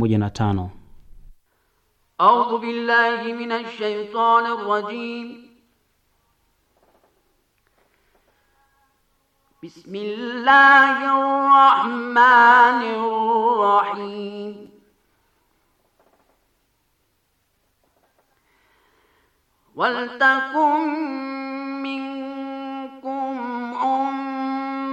moja na tano. A'udhu billahi minash shaitanir rajim. بسم الله الرحمن الرحيم ولتكن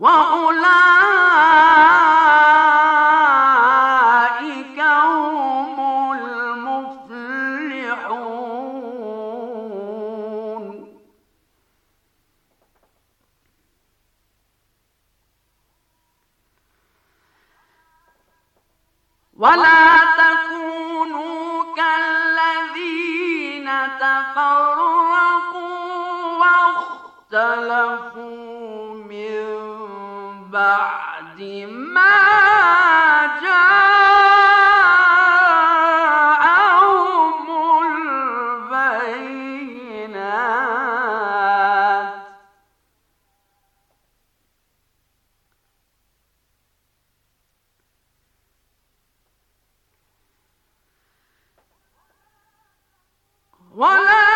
وأولئك هم المفلحون ولا تكونوا كالذين تفرقوا واختلفوا من بعد ما جاءهم البينات ولا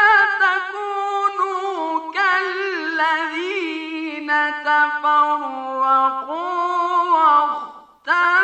فرقوا واختلفوا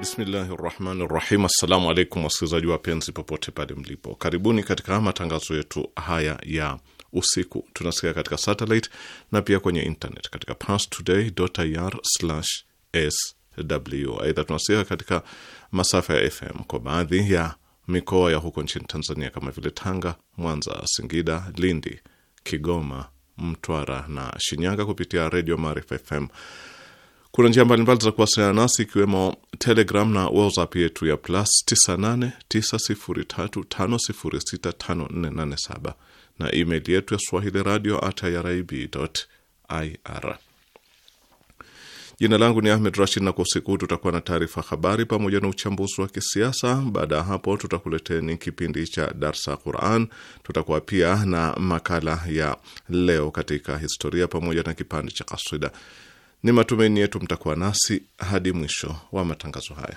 Bismillahi rahmani rahim. Assalamu alaikum wasikilizaji wapenzi, popote pale mlipo, karibuni katika matangazo yetu haya ya usiku. Tunasikia katika satellite na pia kwenye internet katika parstoday.ir/sw. Aidha, tunasikia katika masafa ya FM kwa baadhi ya mikoa ya huko nchini Tanzania kama vile Tanga, Mwanza, Singida, Lindi, Kigoma, Mtwara na Shinyanga kupitia Redio Maarifa FM. Kuna njia mbalimbali za kuwasiliana nasi ikiwemo Telegram na WhatsApp yetu ya plus 989035065487 na email yetu ya swahili radio at irib ir. Jina langu ni Ahmed Rashid, na kwa usiku huu tutakuwa na taarifa habari pamoja na uchambuzi wa kisiasa. Baada ya hapo, tutakuleteni kipindi cha darsa Quran, tutakuwa pia na makala ya leo katika historia pamoja na kipande cha kaswida ni matumaini yetu mtakuwa nasi hadi mwisho wa matangazo haya.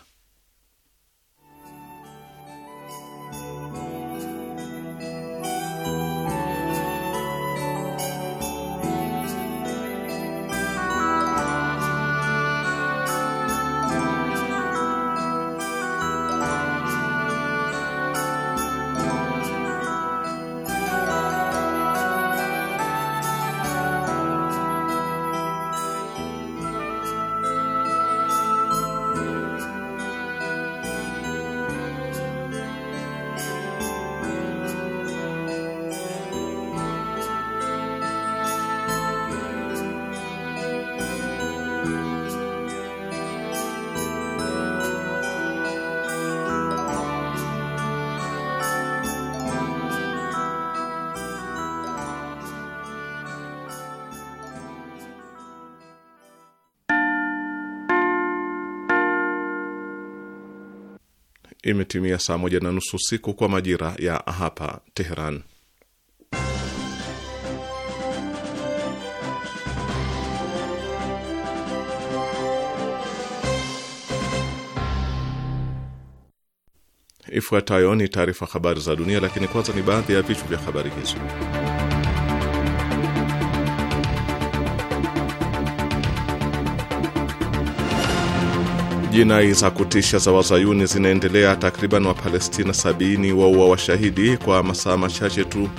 imetimia saa moja na nusu usiku kwa majira ya hapa Teheran. Ifuatayo ni taarifa habari za dunia, lakini kwanza ni baadhi ya vichwa vya habari hizo. Jinai za kutisha za wazayuni zinaendelea. Takriban Wapalestina 70 waua washahidi kwa masaa machache tu.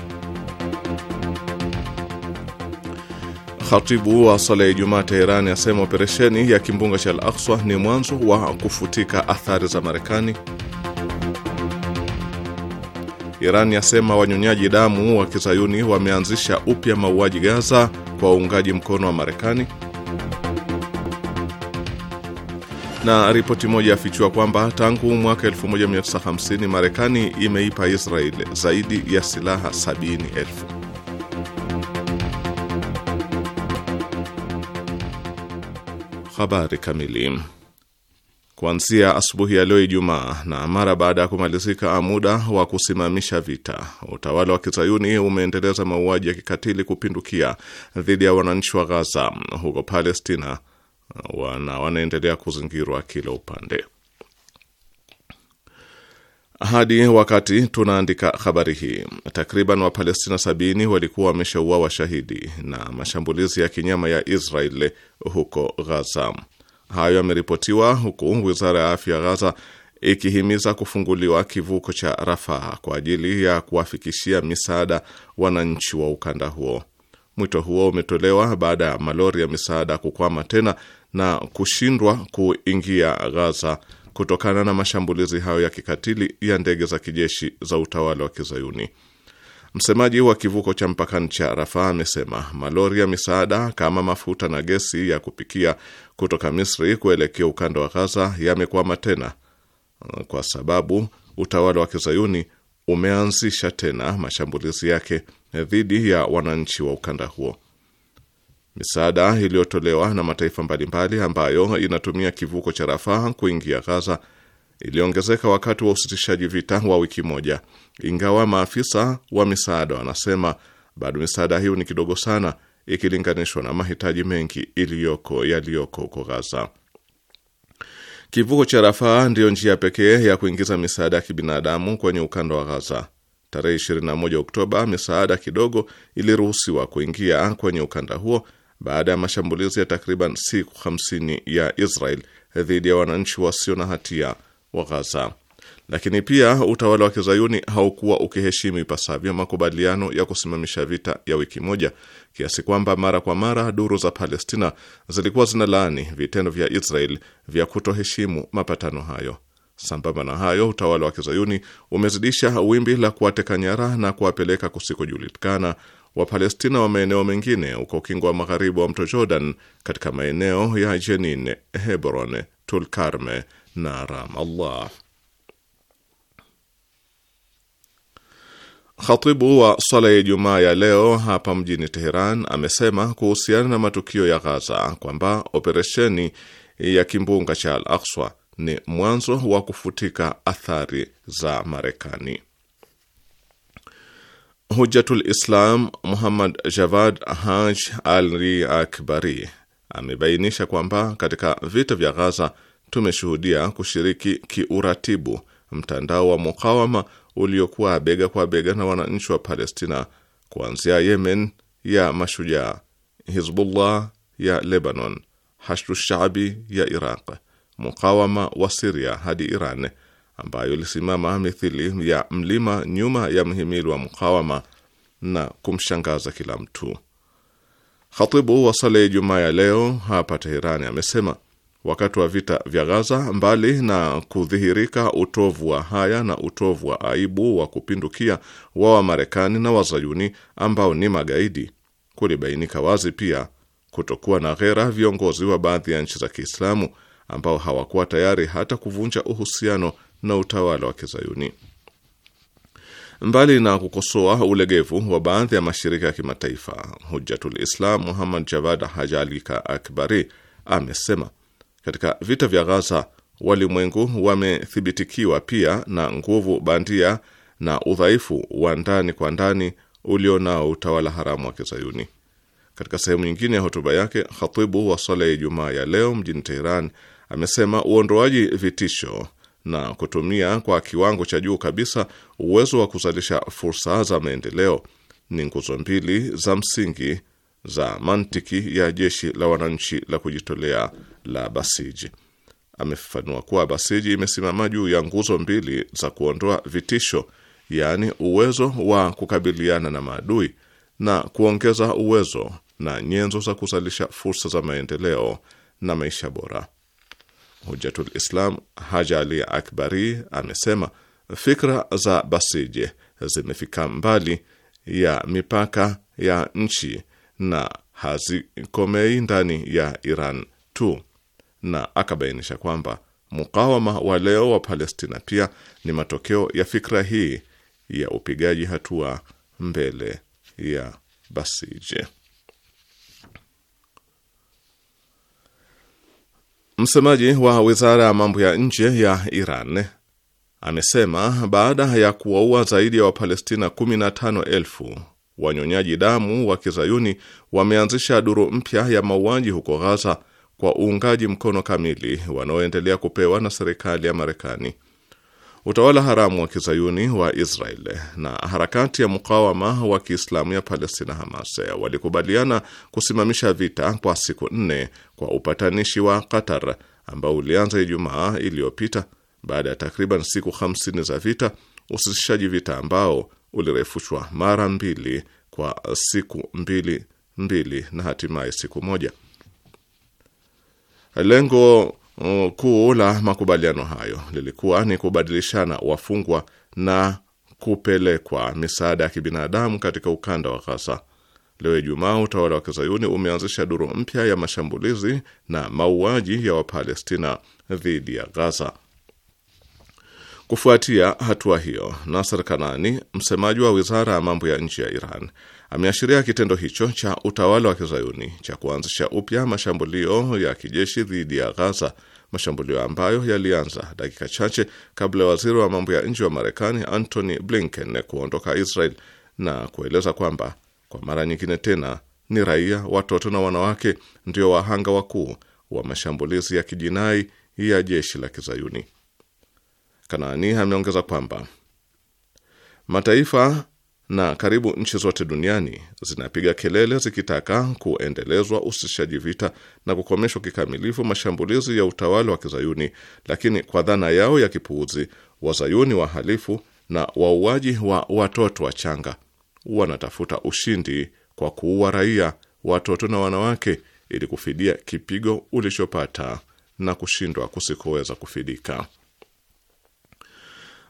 Khatibu wa swala ya Ijumaa Teherani asema operesheni ya kimbunga cha Al Akswa ni mwanzo wa kufutika athari za Marekani. Irani yasema wanyonyaji damu wa kizayuni wameanzisha upya mauaji Gaza kwa uungaji mkono wa Marekani. na ripoti moja yafichua kwamba tangu mwaka 1950 Marekani imeipa Israel zaidi ya silaha sabini Habari kamili Kuanzia asubuhi ya leo Ijumaa na mara baada ya kumalizika muda wa kusimamisha vita, utawala wa kizayuni umeendeleza mauaji ya kikatili kupindukia dhidi ya wananchi wa Gaza huko Palestina wana wanaendelea kuzingirwa kila upande. Hadi wakati tunaandika habari hii, takriban Wapalestina sabini walikuwa wameshaua washahidi na mashambulizi ya kinyama ya Israeli huko Ghaza. Hayo yameripotiwa huku wizara ya afya Ghaza ikihimiza kufunguliwa kivuko cha Rafaa kwa ajili ya kuwafikishia misaada wananchi wa ukanda huo. Mwito huo umetolewa baada ya malori ya misaada kukwama tena na kushindwa kuingia Gaza kutokana na mashambulizi hayo ya kikatili ya ndege za kijeshi za utawala wa Kizayuni. Msemaji wa kivuko cha mpakani cha Rafaa amesema malori ya misaada kama mafuta na gesi ya kupikia kutoka Misri kuelekea ukanda wa Gaza yamekwama tena kwa sababu utawala wa Kizayuni umeanzisha tena mashambulizi yake Eh, dhidi ya wananchi wa ukanda huo. Misaada iliyotolewa na mataifa mbalimbali ambayo inatumia kivuko cha Rafaha kuingia Gaza iliongezeka wakati wa usitishaji vita wa wiki moja, ingawa maafisa wa misaada wanasema bado misaada hiyo ni kidogo sana ikilinganishwa na mahitaji mengi iliyoko yaliyoko huko Gaza. Kivuko cha Rafaa ndiyo njia pekee ya kuingiza misaada ya kibinadamu kwenye ukanda wa Gaza. Tarehe 21 Oktoba, misaada kidogo iliruhusiwa kuingia kwenye ukanda huo baada ya mashambulizi ya takriban siku 50 ya Israel dhidi ya wananchi wasio na hatia wa Ghaza. Lakini pia utawala wa kizayuni haukuwa ukiheshimu ipasavyo makubaliano ya kusimamisha vita ya wiki moja, kiasi kwamba mara kwa mara duru za Palestina zilikuwa zinalaani vitendo vya Israel vya kutoheshimu mapatano hayo. Sambamba na hayo, utawala wa kizayuni umezidisha wimbi la kuwateka nyara na kuwapeleka kusikojulikana Wapalestina wa maeneo mengine uko ukingo wa magharibi wa mto Jordan, katika maeneo ya Jenin, Hebron, Tulkarme na Ramallah. Khatibu wa swala ya Ijumaa ya leo hapa mjini Teheran amesema kuhusiana na matukio ya Ghaza kwamba operesheni ya kimbunga cha Al Akswa ni mwanzo wa kufutika athari za Marekani. Hujatul Islam Muhammad Javad Haj Ali Akbari amebainisha kwamba katika vita vya Ghaza tumeshuhudia kushiriki kiuratibu mtandao wa mukawama uliokuwa bega kwa bega na wananchi wa Palestina kuanzia Yemen ya mashujaa, Hizbullah ya Lebanon, Hashdu Shaabi ya Iraq, mukawama wa Siria hadi Iran, ambayo ilisimama mithili ya mlima nyuma ya mhimili wa mukawama na kumshangaza kila mtu. Khatibu wa sala ya Ijumaa ya leo hapa Teherani amesema wakati wa vita vya Gaza, mbali na kudhihirika utovu wa haya na utovu wa aibu wa kupindukia wa Wamarekani na Wazayuni ambao ni magaidi, kulibainika wazi pia kutokuwa na ghera viongozi wa baadhi ya nchi za Kiislamu ambao hawakuwa tayari hata kuvunja uhusiano na utawala wa Kizayuni. Mbali na kukosoa ulegevu wa baadhi ya mashirika ya kimataifa, Hujjatul Islam Muhammad Javad Hajalika Akbari amesema katika vita vya Ghaza walimwengu wamethibitikiwa pia na nguvu bandia na udhaifu wa ndani kwa ndani ulionao utawala haramu wa Kizayuni. Katika sehemu nyingine ya hotuba yake, khatibu wa swala ya Ijumaa ya leo mjini Teheran amesema uondoaji vitisho na kutumia kwa kiwango cha juu kabisa uwezo wa kuzalisha fursa za maendeleo ni nguzo mbili za msingi za mantiki ya jeshi la wananchi la kujitolea la Basiji. Amefafanua kuwa Basiji imesimama juu ya nguzo mbili za kuondoa vitisho, yaani uwezo wa kukabiliana na maadui na kuongeza uwezo na nyenzo za kuzalisha fursa za maendeleo na maisha bora. Hujatul Islam Haja Ali Akbari amesema fikra za Basije zimefika mbali ya mipaka ya nchi na hazikomei ndani ya Iran tu, na akabainisha kwamba mukawama wa leo wa Palestina pia ni matokeo ya fikra hii ya upigaji hatua mbele ya Basije. Msemaji wa wizara ya mambo ya nje ya Iran amesema baada ya kuwaua zaidi ya Wapalestina 15,000 wanyonyaji damu wa kizayuni wameanzisha duru mpya ya mauaji huko Ghaza kwa uungaji mkono kamili wanaoendelea kupewa na serikali ya Marekani. Utawala haramu wa kizayuni wa Israel na harakati ya mukawama wa kiislamu ya Palestina, Hamas, walikubaliana kusimamisha vita kwa siku nne kwa upatanishi wa Qatar ambao ulianza Ijumaa iliyopita baada ya takriban siku 50 za vita, usitishaji vita ambao ulirefushwa mara mbili kwa siku mbili mbili na hatimaye siku moja. Lengo Oh, kuu la makubaliano hayo lilikuwa ni kubadilishana wafungwa na kupelekwa misaada ya kibinadamu katika ukanda wa Ghaza. Leo Ijumaa, utawala wa kizayuni umeanzisha duru mpya ya mashambulizi na mauaji ya Wapalestina dhidi ya Ghaza. Kufuatia hatua hiyo, Nasser Kanani, msemaji wa wizara ya mambo ya nje ya Iran, ameashiria kitendo hicho cha utawala wa kizayuni cha kuanzisha upya mashambulio ya kijeshi dhidi ya Ghaza, mashambulio ambayo yalianza dakika chache kabla ya waziri wa mambo ya nje wa Marekani Antony Blinken kuondoka Israel na kueleza kwamba kwa mara nyingine tena ni raia, watoto na wanawake ndio wahanga wakuu wa mashambulizi ya kijinai ya jeshi la kizayuni. Kanaani ameongeza kwamba mataifa na karibu nchi zote duniani zinapiga kelele zikitaka kuendelezwa usitishaji vita na kukomeshwa kikamilifu mashambulizi ya utawala wa Kizayuni, lakini kwa dhana yao ya kipuuzi, wazayuni wahalifu na wauaji wa watoto wachanga wanatafuta ushindi kwa kuua raia, watoto na wanawake ili kufidia kipigo ulichopata na kushindwa kusikoweza kufidika.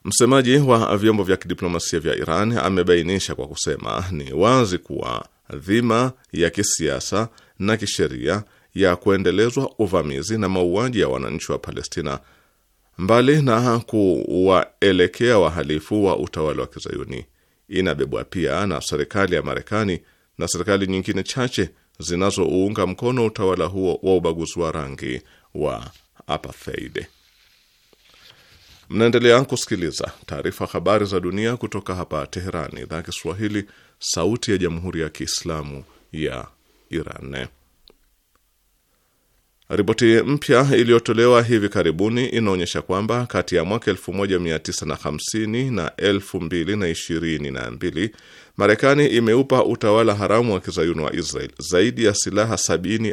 Msemaji wa vyombo vya kidiplomasia vya Iran amebainisha kwa kusema ni wazi kuwa dhima ya kisiasa na kisheria ya kuendelezwa uvamizi na mauaji ya wananchi wa Palestina, mbali na kuwaelekea wahalifu wa utawala wa kizayuni, inabebwa pia na serikali ya Marekani na serikali nyingine chache zinazouunga mkono utawala huo wa ubaguzi wa rangi wa apartheid. Mnaendelea kusikiliza taarifa habari za dunia kutoka hapa teheran idhaa ya Kiswahili, sauti ya jamhuri ya kiislamu ya Iran. Ripoti mpya iliyotolewa hivi karibuni inaonyesha kwamba kati ya mwaka 1950 na 2022 Marekani imeupa utawala haramu wa kizayuni wa Israel zaidi ya silaha sabini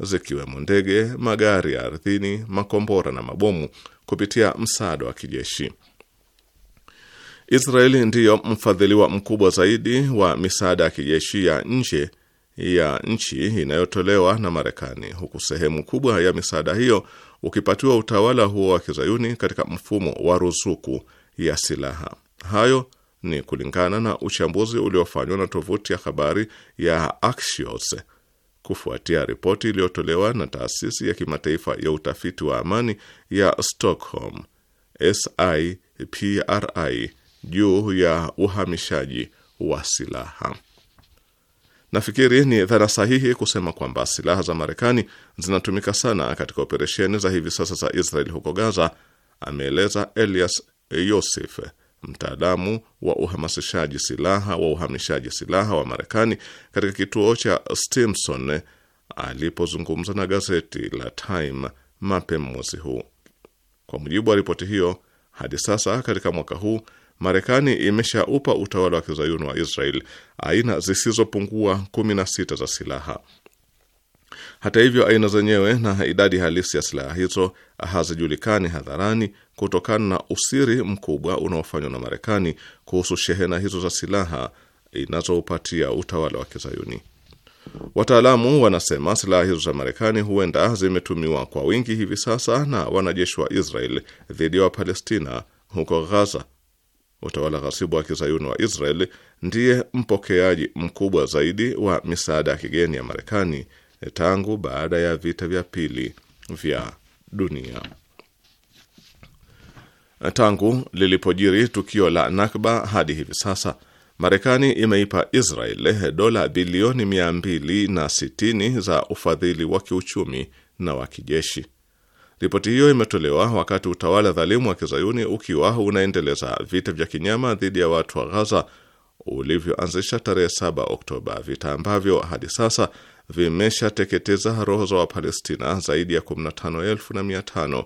zikiwemo ndege, magari ya ardhini, makombora na mabomu kupitia msaada wa kijeshi. Israeli ndiyo mfadhiliwa mkubwa zaidi wa misaada ya kijeshi ya nje ya nchi inayotolewa na Marekani, huku sehemu kubwa ya misaada hiyo ukipatiwa utawala huo wa kizayuni katika mfumo wa ruzuku ya silaha. Hayo ni kulingana na uchambuzi uliofanywa na tovuti ya habari ya Axios kufuatia ripoti iliyotolewa na taasisi ya kimataifa ya utafiti wa amani ya Stockholm SIPRI juu ya uhamishaji wa silaha. Nafikiri ni dhana sahihi kusema kwamba silaha za Marekani zinatumika sana katika operesheni za hivi sasa za Israel huko Gaza, ameeleza Elias Yosef mtaalamu wa uhamasishaji silaha wa uhamishaji silaha wa Marekani katika kituo cha Stimson alipozungumza na gazeti la Time mapema mwezi huu. Kwa mujibu wa ripoti hiyo, hadi sasa katika mwaka huu Marekani imeshaupa utawala wa kizayuni wa Israel aina zisizopungua 16 za silaha. Hata hivyo, aina zenyewe na idadi halisi ya silaha hizo hazijulikani hadharani kutokana na usiri mkubwa unaofanywa na Marekani kuhusu shehena hizo za silaha inazoupatia utawala wa Kizayuni. Wataalamu wanasema silaha hizo za Marekani huenda zimetumiwa kwa wingi hivi sasa na wanajeshi wa Israel dhidi ya Wapalestina huko Ghaza. Utawala ghasibu wa Kizayuni wa Israel ndiye mpokeaji mkubwa zaidi wa misaada ya kigeni ya Marekani tangu baada ya vita vya pili vya dunia. Tangu lilipojiri tukio la Nakba hadi hivi sasa Marekani imeipa Israel dola bilioni 260 za ufadhili wa kiuchumi na wa kijeshi. Ripoti hiyo imetolewa wakati utawala dhalimu wa kizayuni ukiwa unaendeleza vita vya kinyama dhidi ya watu wa Ghaza ulivyoanzisha tarehe 7 Oktoba, vita ambavyo hadi sasa vimeshateketeza roho za Wapalestina zaidi ya 15,500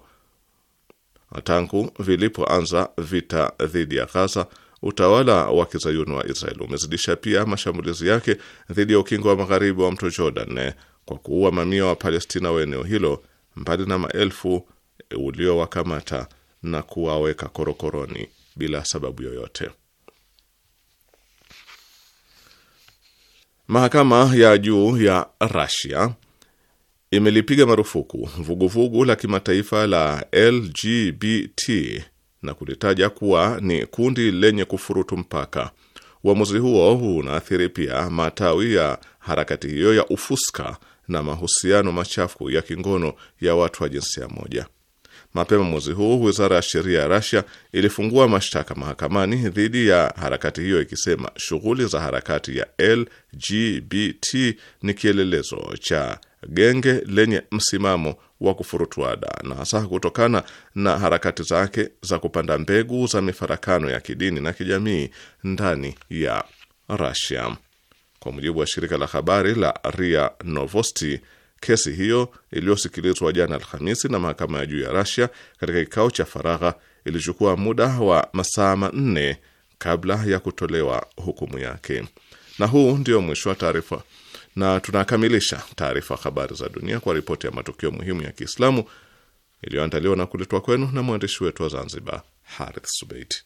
Tangu vilipoanza vita dhidi ya Ghaza, utawala wa kizayuni wa Israel umezidisha pia mashambulizi yake dhidi ya ukingo wa magharibi wa mto Jordan kwa kuua mamia wa Palestina wa eneo hilo, mbali na maelfu uliowakamata na kuwaweka korokoroni bila sababu yoyote. Mahakama ya juu ya Rasia imelipiga marufuku vuguvugu la kimataifa la LGBT na kulitaja kuwa ni kundi lenye kufurutu mpaka. Uamuzi huo unaathiri pia matawi ya harakati hiyo ya ufuska na mahusiano machafu ya kingono ya watu wa jinsia moja. Mapema mwezi huu wizara ya sheria ya Rasia ilifungua mashtaka mahakamani dhidi ya harakati hiyo ikisema shughuli za harakati ya LGBT ni kielelezo cha genge lenye msimamo wa kufurutuada na hasa kutokana na harakati zake za kupanda mbegu za mifarakano ya kidini na kijamii ndani ya Russia. Kwa mujibu wa shirika la habari la Ria Novosti, kesi hiyo iliyosikilizwa jana Alhamisi na mahakama ya juu ya Russia katika kikao cha faragha ilichukua muda wa masaa manne kabla ya kutolewa hukumu yake. Na huu ndio mwisho wa taarifa na tunakamilisha taarifa habari za dunia kwa ripoti ya matukio muhimu ya Kiislamu iliyoandaliwa na kuletwa kwenu na mwandishi wetu wa Zanzibar, Harith Subeiti.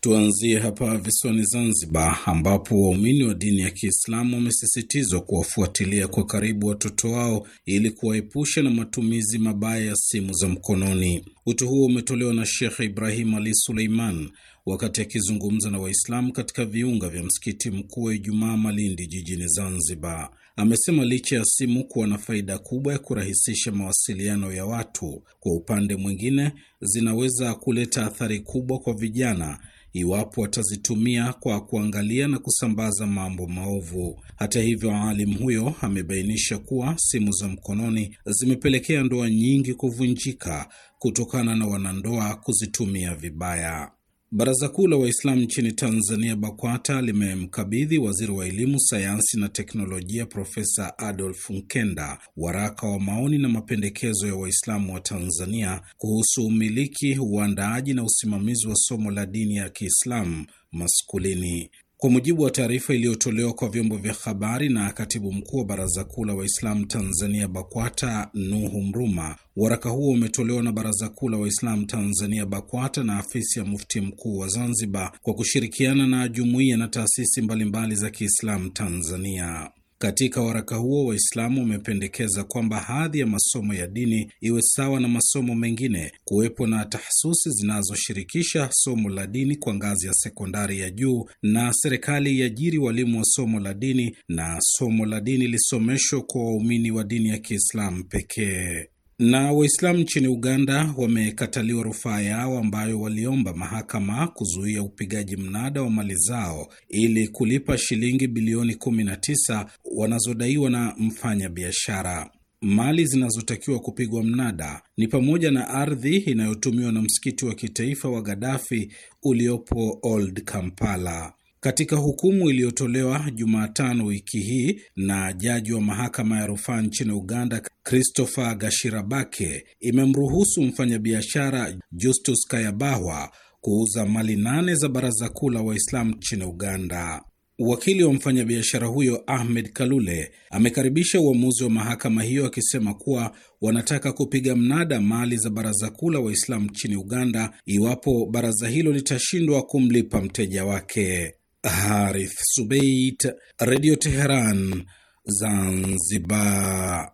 Tuanzie hapa visiwani Zanzibar, ambapo waumini wa dini ya Kiislamu wamesisitizwa kuwafuatilia kwa karibu watoto wao ili kuwaepusha na matumizi mabaya ya simu za mkononi. Wito huo umetolewa na Shekh Ibrahim Ali Suleiman, wakati akizungumza na Waislamu katika viunga vya msikiti mkuu wa Ijumaa Malindi jijini Zanzibar. Amesema licha ya simu kuwa na faida kubwa ya kurahisisha mawasiliano ya watu, kwa upande mwingine zinaweza kuleta athari kubwa kwa vijana iwapo watazitumia kwa kuangalia na kusambaza mambo maovu. Hata hivyo, alim huyo amebainisha kuwa simu za mkononi zimepelekea ndoa nyingi kuvunjika kutokana na wanandoa kuzitumia vibaya. Baraza Kuu la Waislamu nchini Tanzania, BAKWATA, limemkabidhi waziri wa elimu, sayansi na teknolojia Profesa Adolf Mkenda waraka wa maoni na mapendekezo ya Waislamu wa Tanzania kuhusu umiliki, uandaaji na usimamizi wa somo la dini ya Kiislamu maskulini. Kwa mujibu wa taarifa iliyotolewa kwa vyombo vya habari na katibu mkuu wa Baraza Kuu la Waislamu Tanzania BAKWATA Nuhu Mruma, waraka huo umetolewa na Baraza Kuu la Waislamu Tanzania BAKWATA na afisi ya Mufti Mkuu wa Zanzibar kwa kushirikiana na jumuiya na taasisi mbalimbali za Kiislamu Tanzania. Katika waraka huo, Waislamu wamependekeza kwamba hadhi ya masomo ya dini iwe sawa na masomo mengine, kuwepo na tahasusi zinazoshirikisha somo la dini kwa ngazi ya sekondari ya juu, na serikali iajiri walimu wa somo la dini, na somo la dini lisomeshwe kwa waumini wa dini ya Kiislamu pekee. Na Waislamu nchini Uganda wamekataliwa rufaa yao ambayo waliomba mahakama kuzuia upigaji mnada wa mali zao ili kulipa shilingi bilioni 19 wanazodaiwa na mfanyabiashara. Mali zinazotakiwa kupigwa mnada ni pamoja na ardhi inayotumiwa na msikiti wa kitaifa wa Gadafi uliopo Old Kampala. Katika hukumu iliyotolewa Jumatano wiki hii na jaji wa mahakama ya rufaa nchini Uganda Christopher Gashirabake, imemruhusu mfanyabiashara Justus Kayabahwa kuuza mali nane za Baraza Kuu la Waislamu nchini Uganda. Wakili wa mfanyabiashara huyo Ahmed Kalule amekaribisha uamuzi wa mahakama hiyo akisema kuwa wanataka kupiga mnada mali za Baraza Kuu la Waislamu nchini Uganda iwapo baraza hilo litashindwa kumlipa mteja wake. Harith Subeit, radio Teheran, Zanzibar.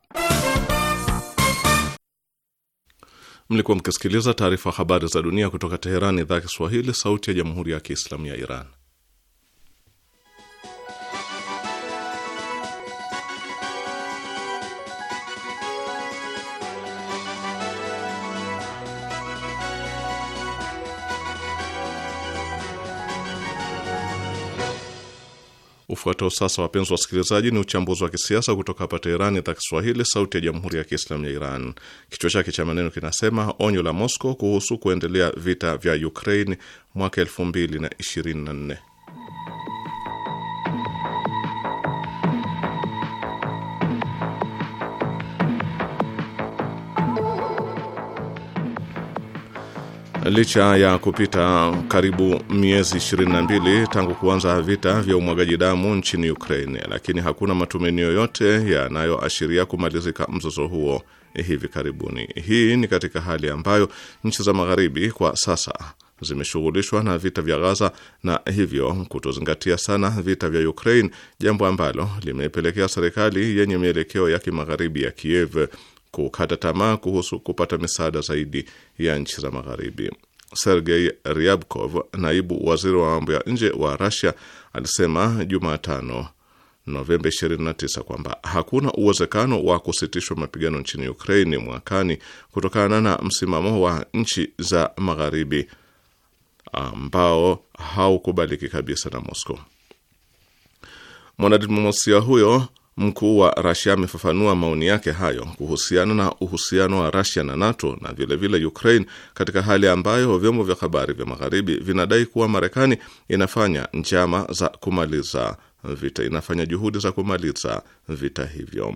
Mlikuwa mkisikiliza taarifa habari za dunia kutoka Teherani, idhaa ya Kiswahili, sauti ya jamhuri ya kiislamu ya Iran. Ufuatao sasa, wapenzi wasikilizaji, ni uchambuzi wa kisiasa kutoka hapa Teherani, idhaa Kiswahili, sauti ya jamhuri ya kiislamu ya Iran. Kichwa chake cha maneno kinasema onyo la Moscow kuhusu kuendelea vita vya Ukraine mwaka 224 Licha ya kupita karibu miezi 22 tangu kuanza vita vya umwagaji damu nchini Ukraine, lakini hakuna matumaini yoyote yanayoashiria kumalizika mzozo huo hivi karibuni. Hii ni katika hali ambayo nchi za magharibi kwa sasa zimeshughulishwa na vita vya Gaza na hivyo kutozingatia sana vita vya Ukraine, jambo ambalo limepelekea serikali yenye mielekeo ya kimagharibi ya Kiev kukata tamaa kuhusu kupata misaada zaidi ya nchi za Magharibi. Sergei Ryabkov, naibu waziri wa mambo ya nje wa rasia alisema Jumatano Novemba 29 kwamba hakuna uwezekano wa kusitishwa mapigano nchini Ukraini mwakani kutokana na msimamo wa nchi za Magharibi ambao haukubaliki kabisa na Moscow. Mwanadiplomasia huyo mkuu wa Rasia amefafanua maoni yake hayo kuhusiana na uhusiano wa Rasia na NATO na vilevile vile Ukraine, katika hali ambayo vyombo vya habari vya Magharibi vinadai kuwa Marekani inafanya njama za kumaliza vita, inafanya juhudi za kumaliza vita hivyo.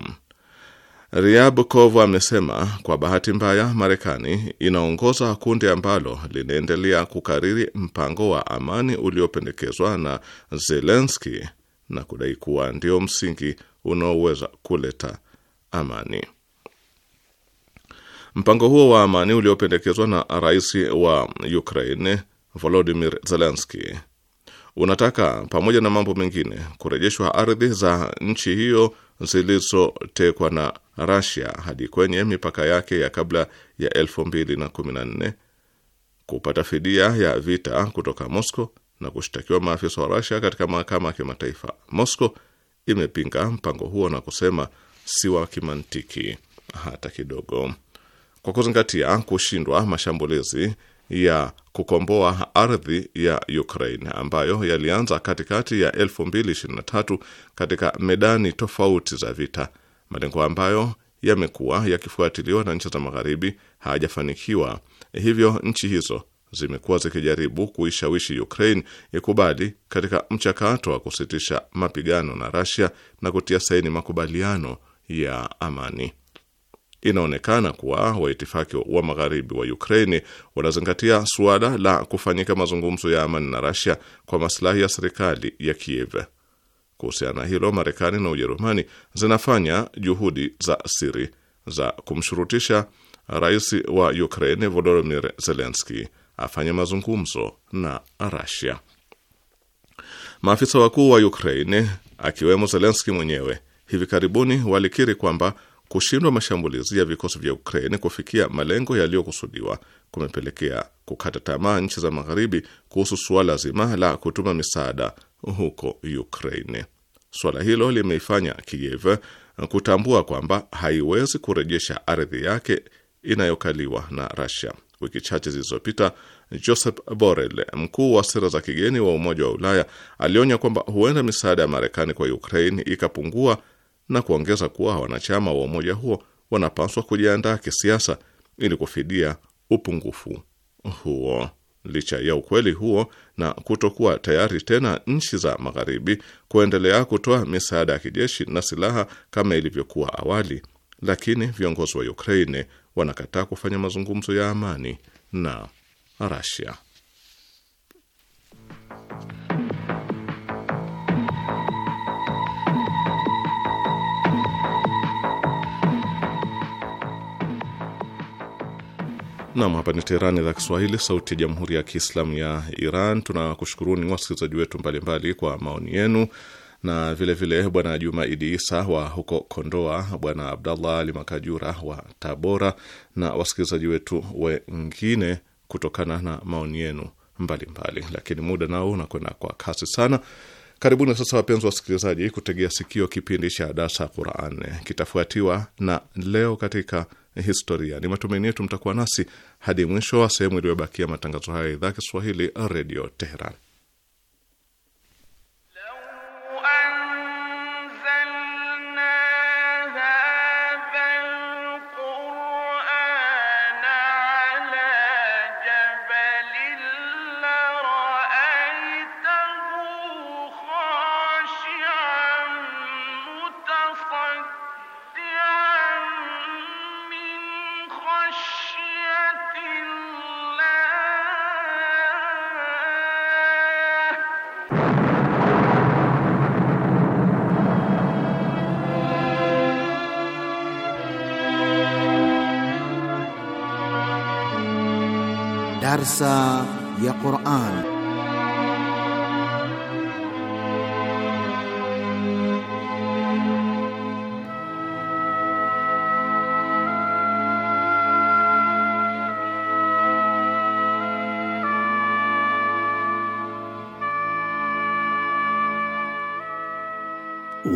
Riab amesema kwa bahati mbaya, Marekani inaongoza kundi ambalo linaendelea kukariri mpango wa amani uliopendekezwa na Zelenski na kudai kuwa ndio msingi unaoweza kuleta amani. Mpango huo wa amani uliopendekezwa na rais wa Ukraine Volodymyr Zelensky unataka pamoja na mambo mengine kurejeshwa ardhi za nchi hiyo zilizotekwa na Russia hadi kwenye mipaka yake ya kabla ya 2014, kupata fidia ya vita kutoka Moscow na kushtakiwa maafisa wa Russia katika mahakama ya kimataifa Moscow imepinga mpango huo na kusema si wa kimantiki hata kidogo. Kwa kuzingatia kushindwa mashambulizi ya kukomboa ardhi ya Ukraine ambayo yalianza katikati ya 2023 katika medani tofauti za vita, malengo ambayo yamekuwa yakifuatiliwa na nchi za Magharibi hayajafanikiwa, hivyo nchi hizo zimekuwa zikijaribu kuishawishi Ukraine ikubali katika mchakato wa kusitisha mapigano na Russia na kutia saini makubaliano ya amani. Inaonekana kuwa waitifaki wa magharibi wa Ukraini wanazingatia suala la kufanyika mazungumzo ya amani na Rasia kwa masilahi ya serikali ya Kiev. Kuhusiana na hilo, Marekani na Ujerumani zinafanya juhudi za siri za kumshurutisha rais wa ukrain Volodymyr Zelenski afanye mazungumzo na Rasia. Maafisa wakuu wa Ukraine akiwemo Zelenski mwenyewe hivi karibuni walikiri kwamba kushindwa mashambulizi ya vikosi vya Ukraine kufikia malengo yaliyokusudiwa kumepelekea kukata tamaa nchi za Magharibi kuhusu suala zima la kutuma misaada huko Ukraine. Suala hilo limeifanya Kiev kutambua kwamba haiwezi kurejesha ardhi yake inayokaliwa na Russia. Wiki chache zilizopita, Joseph Borrell, mkuu wa sera za kigeni wa Umoja wa Ulaya, alionya kwamba huenda misaada ya Marekani kwa Ukraine ikapungua na kuongeza kuwa wanachama wa umoja huo wanapaswa kujiandaa kisiasa ili kufidia upungufu huo. Licha ya ukweli huo na kutokuwa tayari tena nchi za magharibi kuendelea kutoa misaada ya kijeshi na silaha kama ilivyokuwa awali, lakini viongozi wa Ukraine wanakataa kufanya mazungumzo ya amani na Rasia. Nam, hapa ni Teherani, idhaa Kiswahili, sauti ya jamhuri ya kiislamu ya Iran. Tunakushukuruni wasikilizaji wetu mbalimbali kwa maoni yenu na vilevile bwana Juma Idi Isa wa huko Kondoa, bwana Abdallah Ali Makajura wa Tabora na wasikilizaji wetu wengine kutokana na maoni yenu mbalimbali. Lakini muda nao unakwenda kwa kasi sana. Karibuni sasa, wapenzi wasikilizaji, kutegea sikio kipindi cha darsa Quran kitafuatiwa na leo katika historia. Ni matumaini yetu mtakuwa nasi hadi mwisho wa sehemu iliyobakia matangazo haya ya idhaa Kiswahili, Redio Teheran.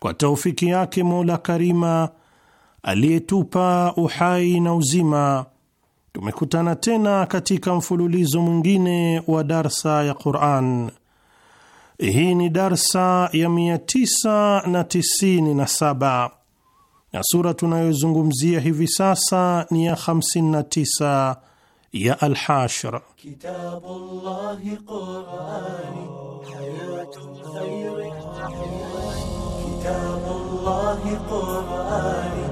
kwa taufiki yake Mola Karima aliyetupa uhai na uzima, tumekutana tena katika mfululizo mwingine wa darsa ya Quran. Hii ni darsa ya 997 na sura tunayozungumzia hivi sasa ni ya 59 ya Alhashr. Kitabullahi Qurani hayatun كتاب الله قرآني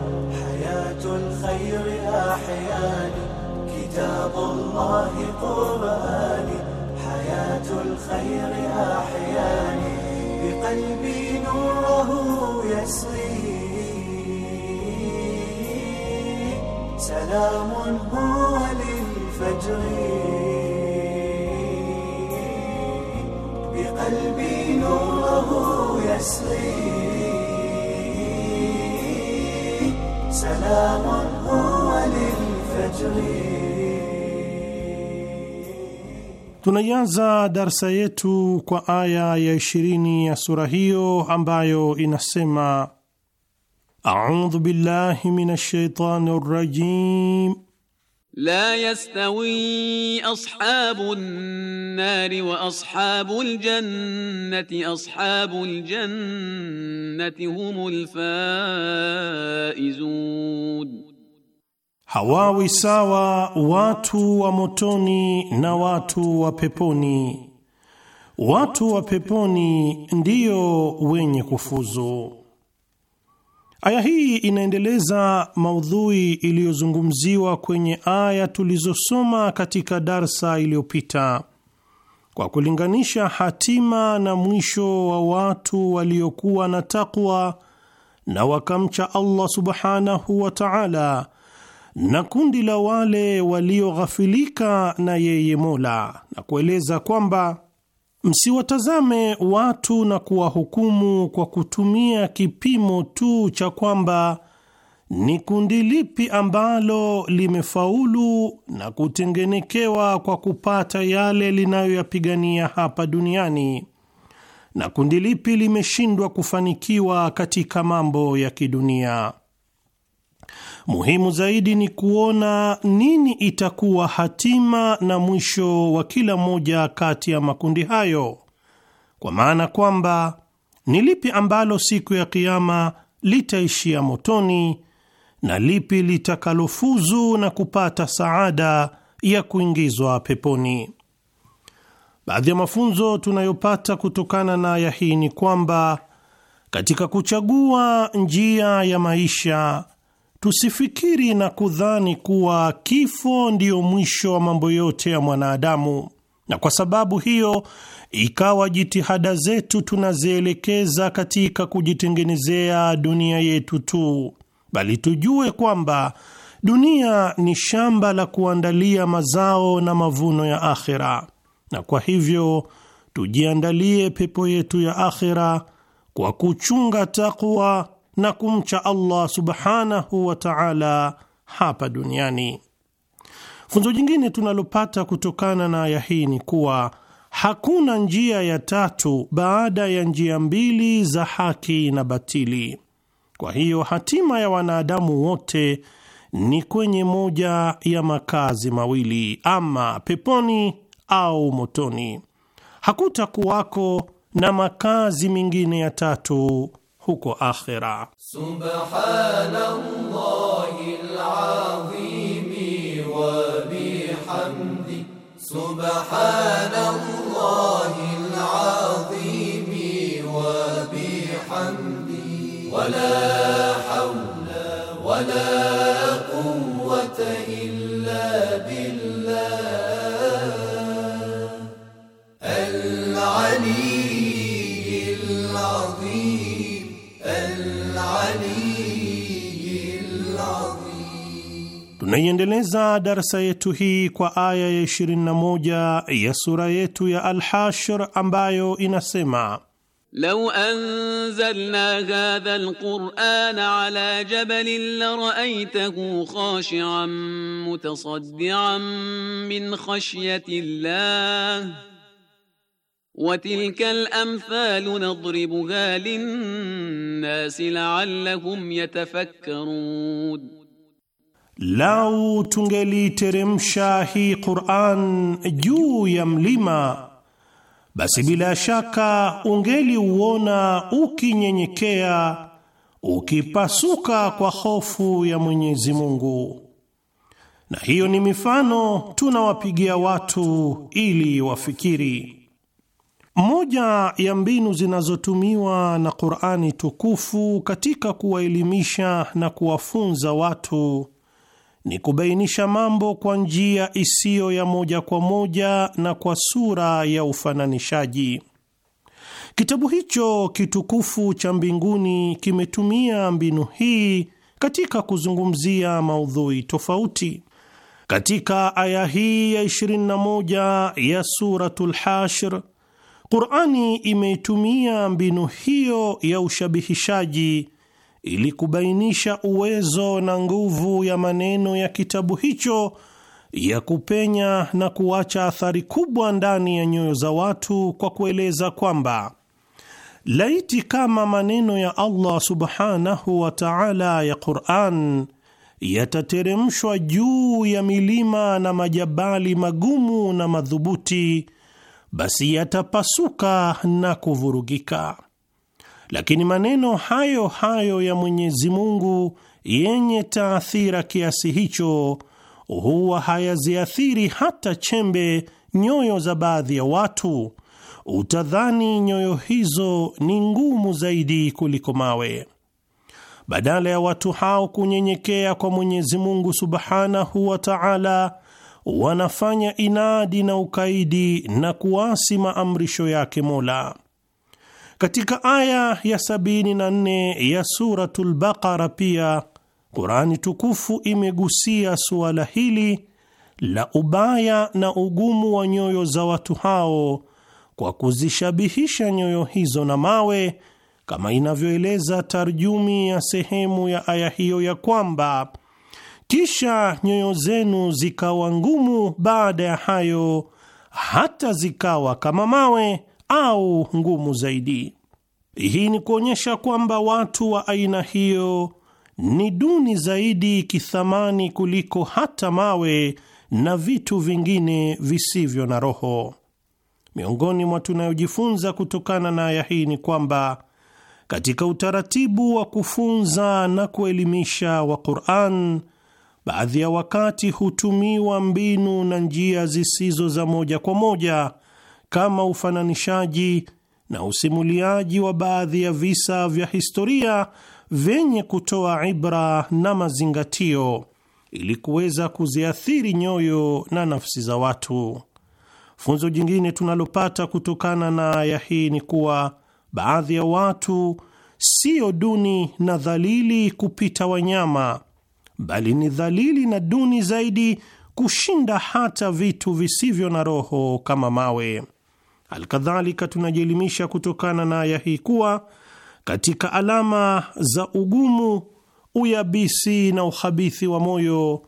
حياة الخير أحياني كتاب الله قرآني حياة الخير أحياني بقلبي نوره يسري سلام هو للفجر بقلبي نوره يسري Tunaianza darsa yetu kwa aya ya ishirini ya sura hiyo ambayo inasema, audhu billahi minash shaitani rrajim la yastawi ashabun nari wa ashabul jannati ashabul jannati humul faizun, hawawi sawa watu wa motoni na watu wa peponi. Watu wa peponi ndio wenye kufuzu. Aya hii inaendeleza maudhui iliyozungumziwa kwenye aya tulizosoma katika darsa iliyopita kwa kulinganisha hatima na mwisho wa watu waliokuwa na takwa na wakamcha Allah subhanahu wa ta'ala na kundi la wale walioghafilika na yeye Mola na kueleza kwamba Msiwatazame watu na kuwahukumu kwa kutumia kipimo tu cha kwamba ni kundi lipi ambalo limefaulu na kutengenekewa kwa kupata yale linayoyapigania hapa duniani na kundi lipi limeshindwa kufanikiwa katika mambo ya kidunia. Muhimu zaidi ni kuona nini itakuwa hatima na mwisho wa kila moja kati ya makundi hayo, kwa maana kwamba ni lipi ambalo siku ya Kiama litaishia motoni na lipi litakalofuzu na kupata saada ya kuingizwa peponi. Baadhi ya mafunzo tunayopata kutokana na aya hii ni kwamba katika kuchagua njia ya maisha Tusifikiri na kudhani kuwa kifo ndiyo mwisho wa mambo yote ya mwanadamu, na kwa sababu hiyo ikawa jitihada zetu tunazielekeza katika kujitengenezea dunia yetu tu, bali tujue kwamba dunia ni shamba la kuandalia mazao na mavuno ya akhera, na kwa hivyo tujiandalie pepo yetu ya akhera kwa kuchunga takwa na kumcha Allah subhanahu wa ta'ala hapa duniani. Funzo jingine tunalopata kutokana na aya hii ni kuwa hakuna njia ya tatu baada ya njia mbili za haki na batili. Kwa hiyo hatima ya wanadamu wote ni kwenye moja ya makazi mawili, ama peponi au motoni. Hakutakuwako na makazi mengine ya tatu huko akhera. Subhanallahi alazim wa bihamdi Subhanallahi alazim wa bihamdi wala hawla wala Tunaiendeleza darsa yetu hii kwa aya ya 21 ya sura yetu ya Al-Hashr ambayo inasema Lau anzalna hadha alquran ala jabalin laraytahu khashian mutasaddian min khashyati llah wa tilka alamthal nadribuha linnasi la'allahum yatafakkarun Lau tungeliteremsha hii Qur'an juu ya mlima, basi bila shaka ungeliuona ukinyenyekea, ukipasuka kwa hofu ya Mwenyezi Mungu. Na hiyo ni mifano tunawapigia watu ili wafikiri. Moja ya mbinu zinazotumiwa na Qur'ani tukufu katika kuwaelimisha na kuwafunza watu ni kubainisha mambo kwa njia isiyo ya moja kwa moja na kwa sura ya ufananishaji. Kitabu hicho kitukufu cha mbinguni kimetumia mbinu hii katika kuzungumzia maudhui tofauti. Katika aya hii ya 21 ya Suratul Hashr, Qurani imeitumia mbinu hiyo ya ushabihishaji ili kubainisha uwezo na nguvu ya maneno ya kitabu hicho ya kupenya na kuacha athari kubwa ndani ya nyoyo za watu kwa kueleza kwamba laiti kama maneno ya Allah subhanahu wa ta'ala ya Qur'an yatateremshwa juu ya milima na majabali magumu na madhubuti, basi yatapasuka na kuvurugika. Lakini maneno hayo hayo ya Mwenyezi Mungu yenye taathira kiasi hicho huwa hayaziathiri hata chembe nyoyo za baadhi ya watu. Utadhani nyoyo hizo ni ngumu zaidi kuliko mawe. Badala ya watu hao kunyenyekea kwa Mwenyezi Mungu Subhanahu wa Ta'ala, wanafanya inadi na ukaidi na kuasi maamrisho yake Mola. Katika aya ya 74 ya Suratul Baqara pia Qurani tukufu imegusia suala hili la ubaya na ugumu wa nyoyo za watu hao kwa kuzishabihisha nyoyo hizo na mawe, kama inavyoeleza tarjumi ya sehemu ya aya hiyo ya kwamba, kisha nyoyo zenu zikawa ngumu baada ya hayo, hata zikawa kama mawe au ngumu zaidi. Hii ni kuonyesha kwamba watu wa aina hiyo ni duni zaidi kithamani kuliko hata mawe na vitu vingine visivyo na roho. Miongoni mwa tunayojifunza kutokana na aya hii ni kwamba katika utaratibu wa kufunza na kuelimisha wa Qur'an, baadhi ya wakati hutumiwa mbinu na njia zisizo za moja kwa moja kama ufananishaji na usimuliaji wa baadhi ya visa vya historia vyenye kutoa ibra na mazingatio ili kuweza kuziathiri nyoyo na nafsi za watu. Funzo jingine tunalopata kutokana na aya hii ni kuwa baadhi ya watu siyo duni na dhalili kupita wanyama, bali ni dhalili na duni zaidi kushinda hata vitu visivyo na roho kama mawe. Alkadhalika, tunajielimisha kutokana na aya hii kuwa katika alama za ugumu, uyabisi na uhabithi wa moyo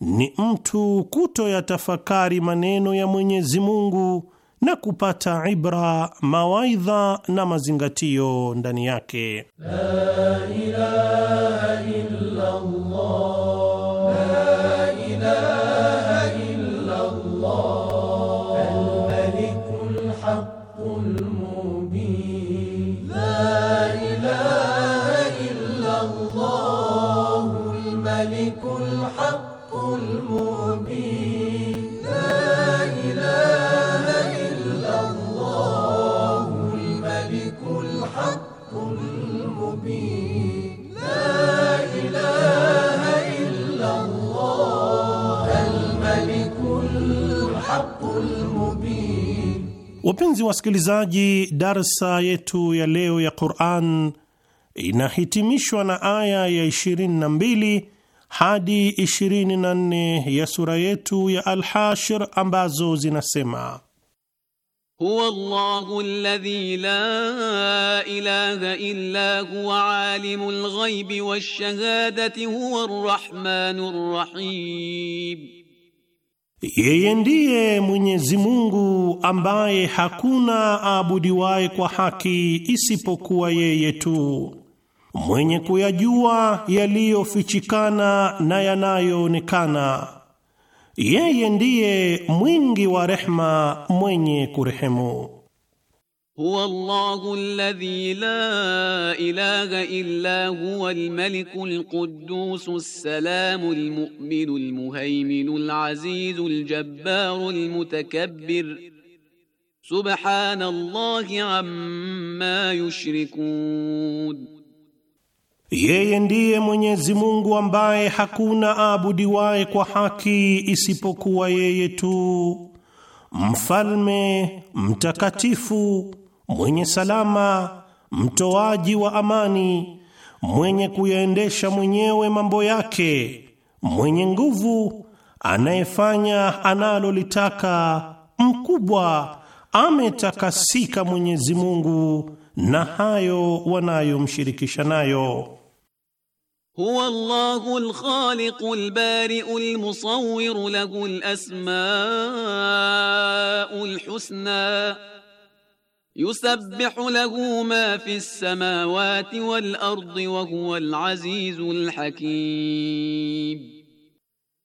ni mtu kutoyatafakari maneno ya Mwenyezi Mungu na kupata ibra, mawaidha na mazingatio ndani yake. La ilaha illa Allah. Wapenzi wasikilizaji, darsa yetu ya leo ya Quran inahitimishwa na aya ya 22 hadi 24 ya sura yetu ya alhashr ambazo zinasema: Huwa Allahu alladhi la ilaha illa huwa alimul ghaibi wash shahadati huwa arrahmanur rahim yeye ndiye Mwenyezi Mungu ambaye hakuna aabudiwaye kwa haki isipokuwa yeye tu, mwenye kuyajua yaliyofichikana na yanayoonekana. Yeye ndiye mwingi wa rehma, mwenye kurehemu. هو الله الذي لا إله إلا هو الملك القدوس السلام المؤمن المهيمن العزيز الجبار المتكبر سبحان الله عما يشركون Yeye ndiye Mwenyezi Mungu ambaye hakuna aabudiwaye kwa haki isipokuwa yeye tu, mfalme mtakatifu mwenye salama, mtoaji wa amani, mwenye kuyaendesha mwenyewe mambo yake, mwenye nguvu, anayefanya analolitaka, mkubwa, ametakasika Mwenyezi Mungu na hayo wanayomshirikisha nayo. Huwa al Khaliqul Bari'ul Musawwir, lahul asmaul husna yusabbihu lahu ma fi samawati wal ardi wa huwal azizul hakim,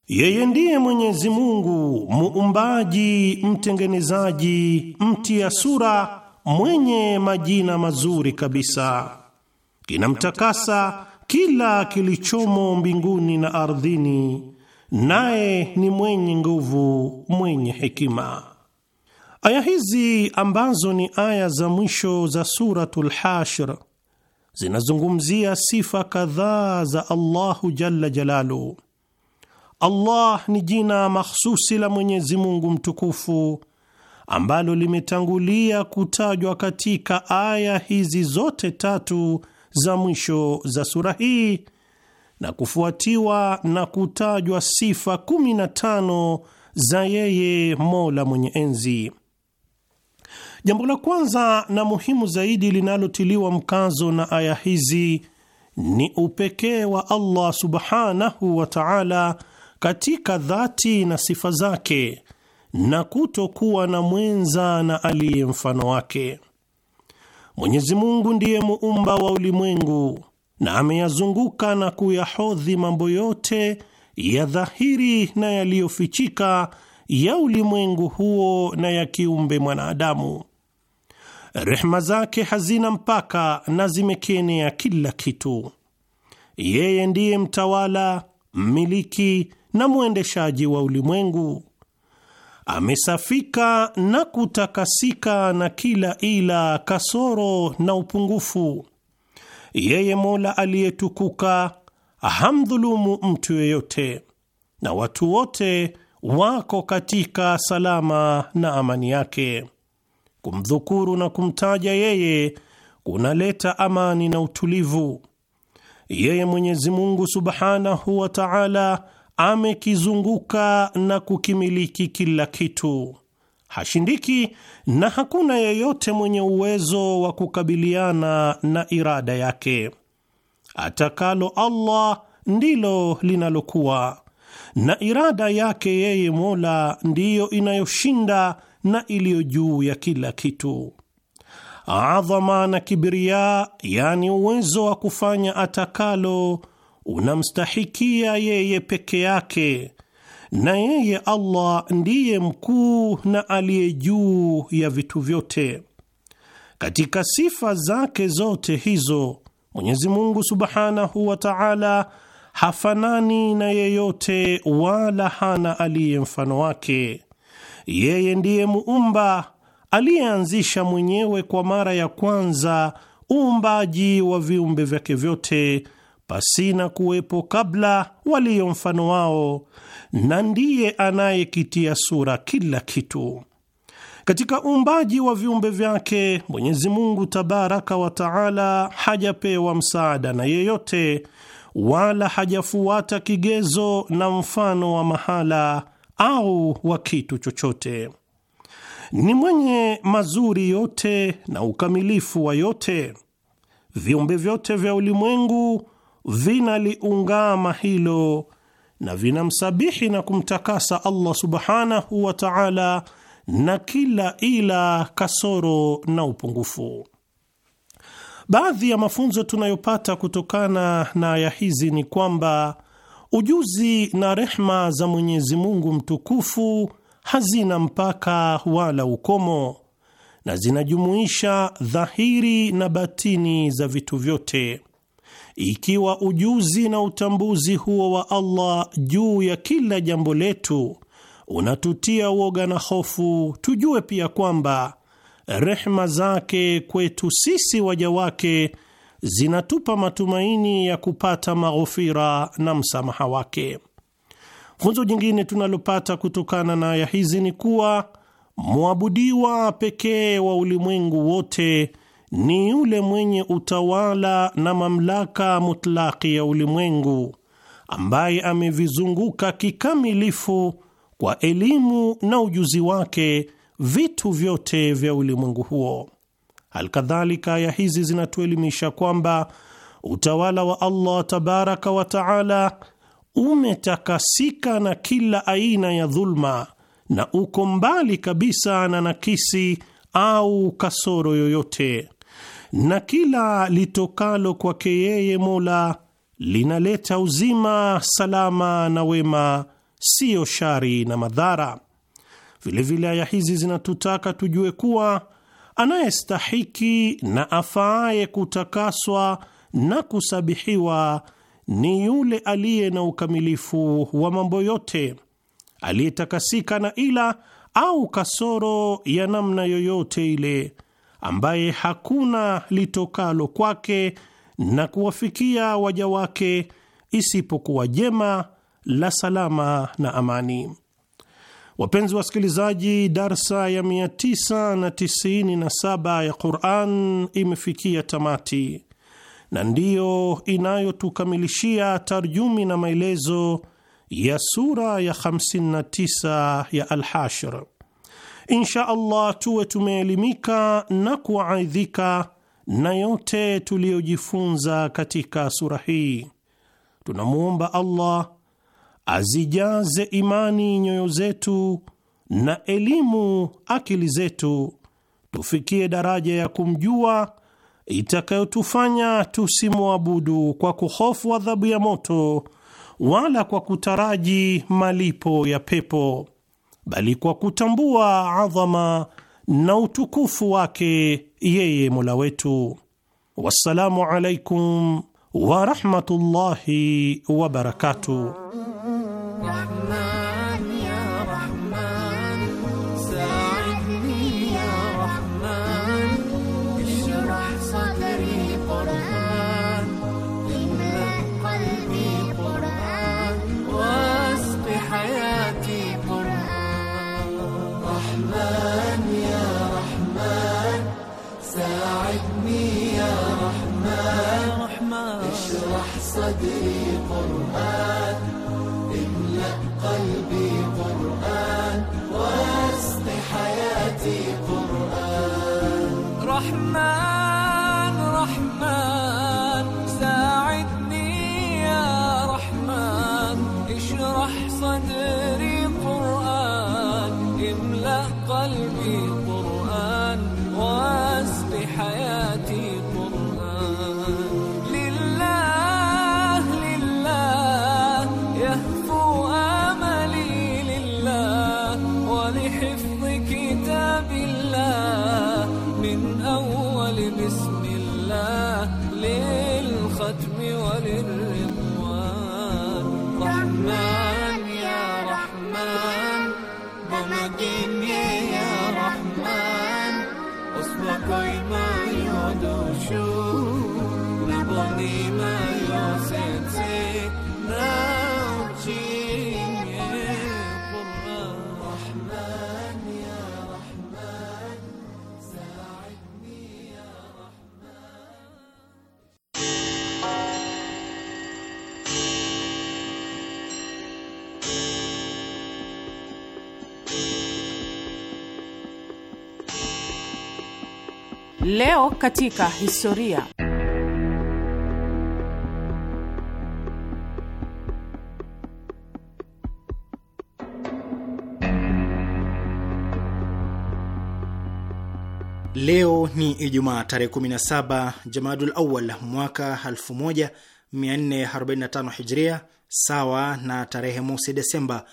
yeye ndiye Mwenyezi Mungu muumbaji, mtengenezaji, mtia sura, mwenye majina mazuri kabisa, kinamtakasa kila kilichomo mbinguni na ardhini, naye ni mwenye nguvu, mwenye hekima. Aya hizi ambazo ni aya za mwisho za Suratul Hashr zinazungumzia sifa kadhaa za Allahu jalla jalalu. Allah ni jina mahsusi la Mwenyezi Mungu mtukufu ambalo limetangulia kutajwa katika aya hizi zote tatu za mwisho za sura hii na kufuatiwa na kutajwa sifa 15 za yeye Mola mwenye enzi. Jambo la kwanza na muhimu zaidi linalotiliwa mkazo na aya hizi ni upekee wa Allah subhanahu wa ta'ala katika dhati na sifa zake na kutokuwa na mwenza na aliye mfano wake. Mwenyezi Mungu ndiye muumba wa ulimwengu na ameyazunguka na kuyahodhi mambo yote ya dhahiri na yaliyofichika ya ulimwengu huo na ya kiumbe mwanadamu. Rehma zake hazina mpaka na zimekienea kila kitu. Yeye ndiye mtawala, mmiliki na mwendeshaji wa ulimwengu. Amesafika na kutakasika na kila ila, kasoro na upungufu. Yeye Mola aliyetukuka hamdhulumu mtu yeyote, na watu wote wako katika salama na amani yake kumdhukuru na kumtaja yeye kunaleta amani na utulivu. Yeye Mwenyezi Mungu subhanahu wa taala amekizunguka na kukimiliki kila kitu, hashindiki na hakuna yeyote mwenye uwezo wa kukabiliana na irada yake. Atakalo Allah ndilo linalokuwa, na irada yake yeye Mola ndiyo inayoshinda na iliyo juu ya kila kitu. Adhama na kibiria, yani uwezo wa kufanya atakalo, unamstahikia yeye peke yake, na yeye Allah ndiye mkuu na aliye juu ya vitu vyote. Katika sifa zake zote hizo Mwenyezi Mungu subhanahu wa taala hafanani na yeyote wala hana aliye mfano wake. Yeye ndiye muumba aliyeanzisha mwenyewe kwa mara ya kwanza uumbaji wa viumbe vyake vyote pasina kuwepo kabla walio mfano wao, na ndiye anayekitia sura kila kitu. Katika uumbaji wa viumbe vyake Mwenyezi Mungu tabaraka wa taala hajapewa msaada na yeyote, wala hajafuata kigezo na mfano wa mahala au wa kitu chochote. Ni mwenye mazuri yote na ukamilifu wa yote. Viumbe vyote vya ulimwengu vinaliungama hilo na vinamsabihi na kumtakasa Allah subhanahu wa ta'ala na kila ila kasoro na upungufu. Baadhi ya mafunzo tunayopata kutokana na aya hizi ni kwamba Ujuzi na rehma za Mwenyezi Mungu mtukufu hazina mpaka wala ukomo na zinajumuisha dhahiri na batini za vitu vyote. Ikiwa ujuzi na utambuzi huo wa Allah juu ya kila jambo letu unatutia woga na hofu, tujue pia kwamba rehma zake kwetu sisi waja wake zinatupa matumaini ya kupata maghofira na msamaha wake. Funzo jingine tunalopata kutokana na aya hizi ni kuwa mwabudiwa pekee wa ulimwengu wote ni yule mwenye utawala na mamlaka mutlaki ya ulimwengu ambaye amevizunguka kikamilifu kwa elimu na ujuzi wake vitu vyote vya ulimwengu huo. Alkadhalika, aya hizi zinatuelimisha kwamba utawala wa Allah tabaraka wa taala umetakasika na kila aina ya dhulma na uko mbali kabisa na nakisi au kasoro yoyote, na kila litokalo kwake yeye Mola linaleta uzima, salama na wema, siyo shari na madhara. Vilevile aya hizi zinatutaka tujue kuwa anayestahiki na afaaye kutakaswa na kusabihiwa ni yule aliye na ukamilifu wa mambo yote, aliyetakasika na ila au kasoro ya namna yoyote ile, ambaye hakuna litokalo kwake na kuwafikia waja wake isipokuwa jema la salama na amani. Wapenzi wasikilizaji, darsa ya 997 ya Quran imefikia tamati na ndiyo inayotukamilishia tarjumi na maelezo ya sura ya 59 ya Alhashr. Insha Allah tuwe tumeelimika na kuaidhika na yote tuliyojifunza katika sura hii. Tunamwomba Allah azijaze imani nyoyo zetu na elimu akili zetu, tufikie daraja ya kumjua itakayotufanya tusimwabudu kwa kuhofu adhabu ya moto wala kwa kutaraji malipo ya pepo, bali kwa kutambua adhama na utukufu wake yeye Mola wetu. Wassalamu alaikum warahmatullahi wabarakatuh. not Leo katika historia. Leo ni Ijumaa tarehe 17 Jamadul Awal mwaka 1445 Hijria, sawa na tarehe mosi Desemba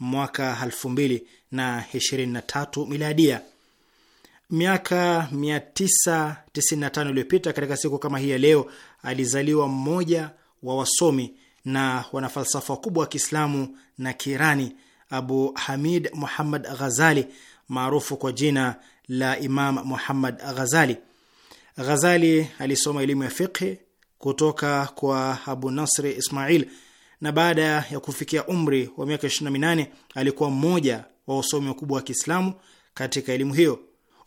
mwaka 2023 Miladia. Miaka 995 iliyopita katika siku kama hii ya leo alizaliwa mmoja wa wasomi na wanafalsafa wakubwa wa Kiislamu na Kiirani, Abu Hamid Muhammad Ghazali maarufu kwa jina la Imam Muhammad Ghazali. Ghazali alisoma elimu ya fiqhi kutoka kwa Abu Nasri Ismail na baada ya kufikia umri wa miaka 28 alikuwa mmoja wa wasomi wakubwa wa Kiislamu katika elimu hiyo.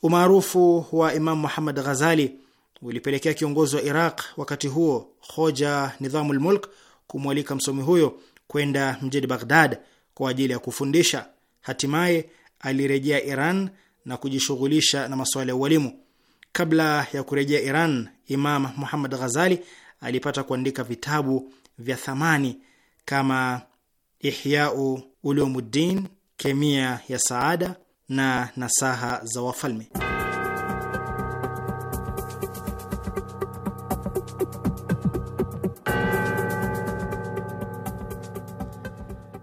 Umaarufu wa imam Muhammad Ghazali ulipelekea kiongozi wa Iraq wakati huo hoja Nidhamul Mulk kumwalika msomi huyo kwenda mjini Baghdad kwa ajili ya kufundisha. Hatimaye alirejea Iran na kujishughulisha na masuala ya ualimu. Kabla ya kurejea Iran, Imam Muhammad Ghazali alipata kuandika vitabu vya thamani kama Ihyau Ulumuddin, Kemia ya Saada na nasaha za wafalme.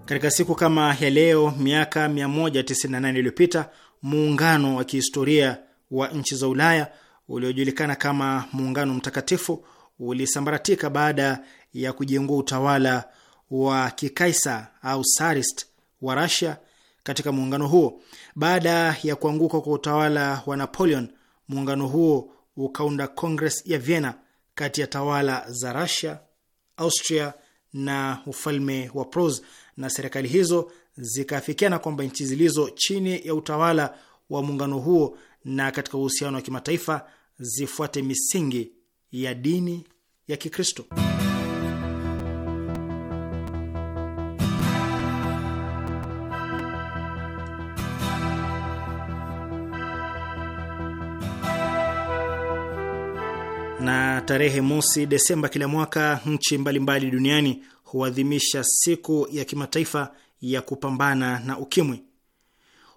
Katika siku kama ya leo miaka 198 iliyopita muungano wa kihistoria wa nchi za Ulaya uliojulikana kama Muungano Mtakatifu ulisambaratika baada ya kujengua utawala wa kikaisa au sarist wa Rasia katika muungano huo. Baada ya kuanguka kwa utawala wa Napoleon, muungano huo ukaunda Congress ya Vienna kati ya tawala za Russia, Austria na ufalme wa pros na serikali hizo zikaafikiana kwamba nchi zilizo chini ya utawala wa muungano huo na katika uhusiano wa kimataifa zifuate misingi ya dini ya Kikristo. Tarehe mosi Desemba kila mwaka nchi mbalimbali duniani huadhimisha siku ya kimataifa ya kupambana na ukimwi.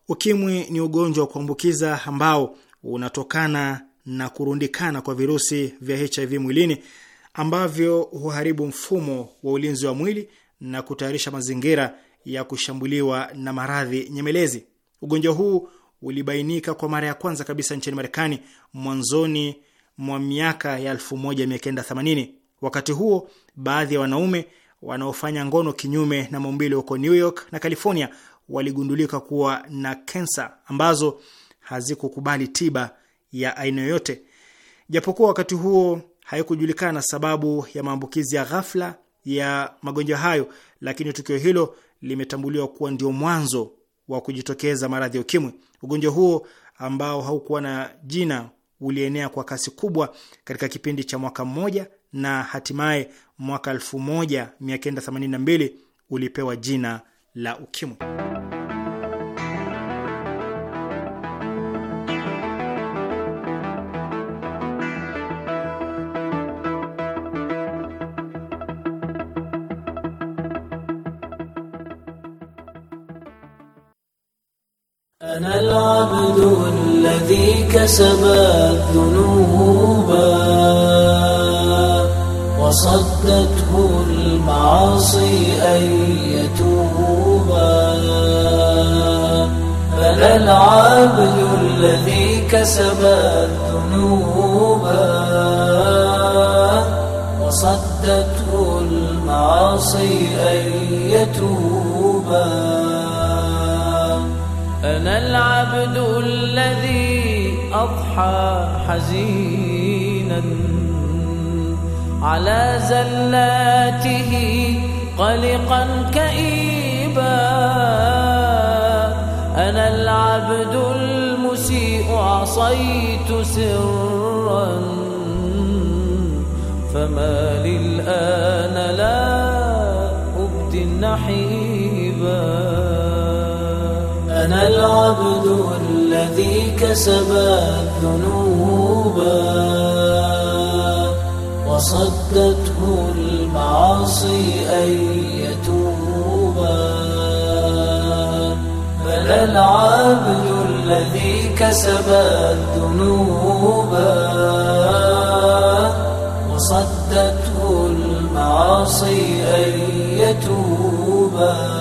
Ukimwi ni ugonjwa wa kuambukiza ambao unatokana na kurundikana kwa virusi vya HIV mwilini ambavyo huharibu mfumo wa ulinzi wa mwili na kutayarisha mazingira ya kushambuliwa na maradhi nyemelezi. Ugonjwa huu ulibainika kwa mara ya kwanza kabisa nchini Marekani mwanzoni mwa miaka ya 1980. Wakati huo baadhi ya wanaume wanaofanya ngono kinyume na maumbile huko New York na California waligundulika kuwa na kensa ambazo hazikukubali tiba ya aina yoyote. Japokuwa wakati huo haikujulikana sababu ya maambukizi ya ghafla ya magonjwa hayo, lakini tukio hilo limetambuliwa kuwa ndio mwanzo wa kujitokeza maradhi ya ukimwi. Ugonjwa huo ambao haukuwa na jina ulienea kwa kasi kubwa katika kipindi cha mwaka mmoja na hatimaye mwaka 1982 ulipewa jina la ukimwi. Ana الذي كسب الذنوب وصدته المعاصي أن يتوبا فلا العابد الذي كسب الذنوب وصدته المعاصي أن يتوبا أنا العبد الذي أضحى حزينا على زلاته قلقا كئيبا أنا العبد المسيء عصيت سرا فما للآن لا أبدي النحيب العبد الذي كسب الذنوب وصدته المعاصي أن يتوبا بل العبد الذي كسب الذنوب وصدته المعاصي أن يتوبا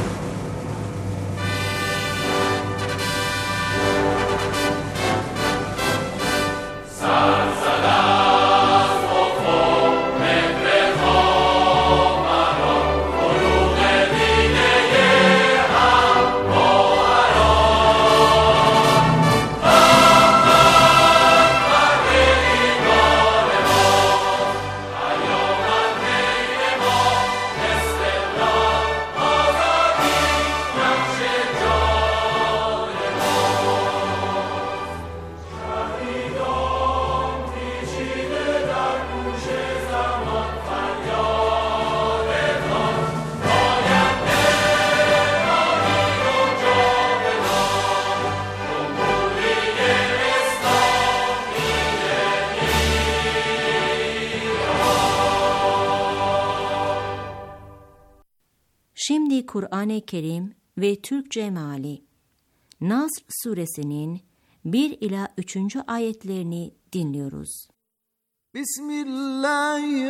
Kur'an-ı Kerim ve Türkçe meali Nasr suresinin 1 ila 3. ayetlerini dinliyoruz. Bismillahirrahmanirrahim.